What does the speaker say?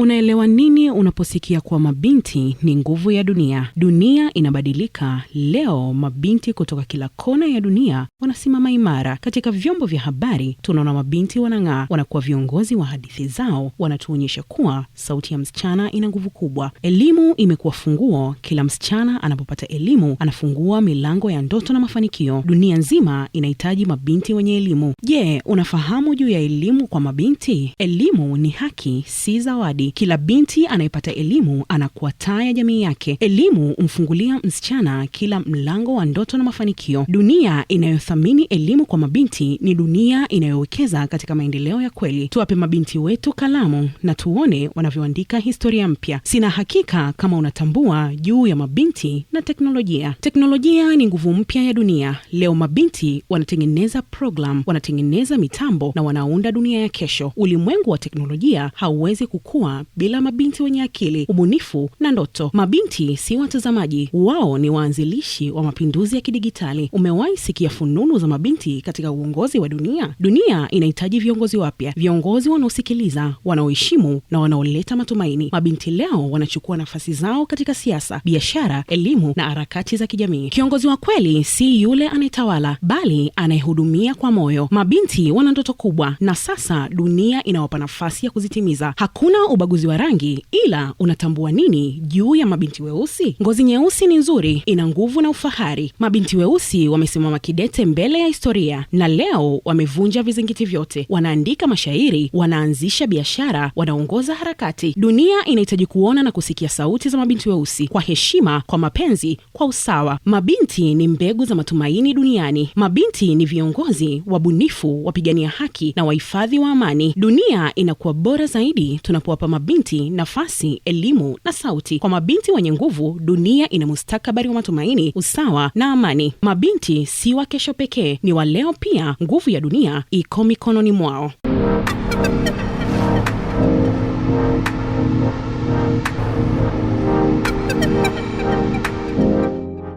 Unaelewa nini unaposikia kuwa mabinti ni nguvu ya dunia? Dunia inabadilika. Leo mabinti kutoka kila kona ya dunia wanasimama imara. Katika vyombo vya habari tunaona mabinti wanang'aa, wanakuwa viongozi wa hadithi zao, wanatuonyesha kuwa sauti ya msichana ina nguvu kubwa. Elimu imekuwa funguo. Kila msichana anapopata elimu anafungua milango ya ndoto na mafanikio. Dunia nzima inahitaji mabinti wenye elimu. Je, unafahamu juu ya elimu kwa mabinti? Elimu ni haki, si zawadi kila binti anayepata elimu anakuwa taa ya jamii yake. Elimu humfungulia msichana kila mlango wa ndoto na mafanikio. Dunia inayothamini elimu kwa mabinti ni dunia inayowekeza katika maendeleo ya kweli. Tuwape mabinti wetu kalamu na tuone wanavyoandika historia mpya. Sina hakika kama unatambua juu ya mabinti na teknolojia. Teknolojia ni nguvu mpya ya dunia. Leo mabinti wanatengeneza program, wanatengeneza mitambo na wanaunda dunia ya kesho. Ulimwengu wa teknolojia hauwezi kukua bila mabinti wenye akili, ubunifu na ndoto. Mabinti si watazamaji, wao ni waanzilishi wa mapinduzi ya kidigitali. Umewahi sikia fununu za mabinti katika uongozi wa dunia? Dunia inahitaji viongozi wapya, viongozi wanaosikiliza, wanaoheshimu na wanaoleta matumaini. Mabinti leo wanachukua nafasi zao katika siasa, biashara, elimu na harakati za kijamii. Kiongozi wa kweli si yule anayetawala, bali anayehudumia kwa moyo. Mabinti wana ndoto kubwa, na sasa dunia inawapa nafasi ya kuzitimiza. Hakuna ubaguzi ubaguzi wa rangi, ila unatambua nini juu ya mabinti weusi? Ngozi nyeusi ni nzuri, ina nguvu na ufahari. Mabinti weusi wamesimama kidete mbele ya historia, na leo wamevunja vizingiti vyote. Wanaandika mashairi, wanaanzisha biashara, wanaongoza harakati. Dunia inahitaji kuona na kusikia sauti za mabinti weusi, kwa heshima, kwa mapenzi, kwa usawa. Mabinti ni mbegu za matumaini duniani. Mabinti ni viongozi wabunifu, wapigania haki na wahifadhi wa amani. Dunia inakuwa bora zaidi tunapowapa mabinti nafasi, elimu na sauti. Kwa mabinti wenye nguvu, dunia ina mustakabari wa matumaini, usawa na amani. Mabinti si wa kesho pekee, ni wa leo pia. Nguvu ya dunia iko mikononi mwao.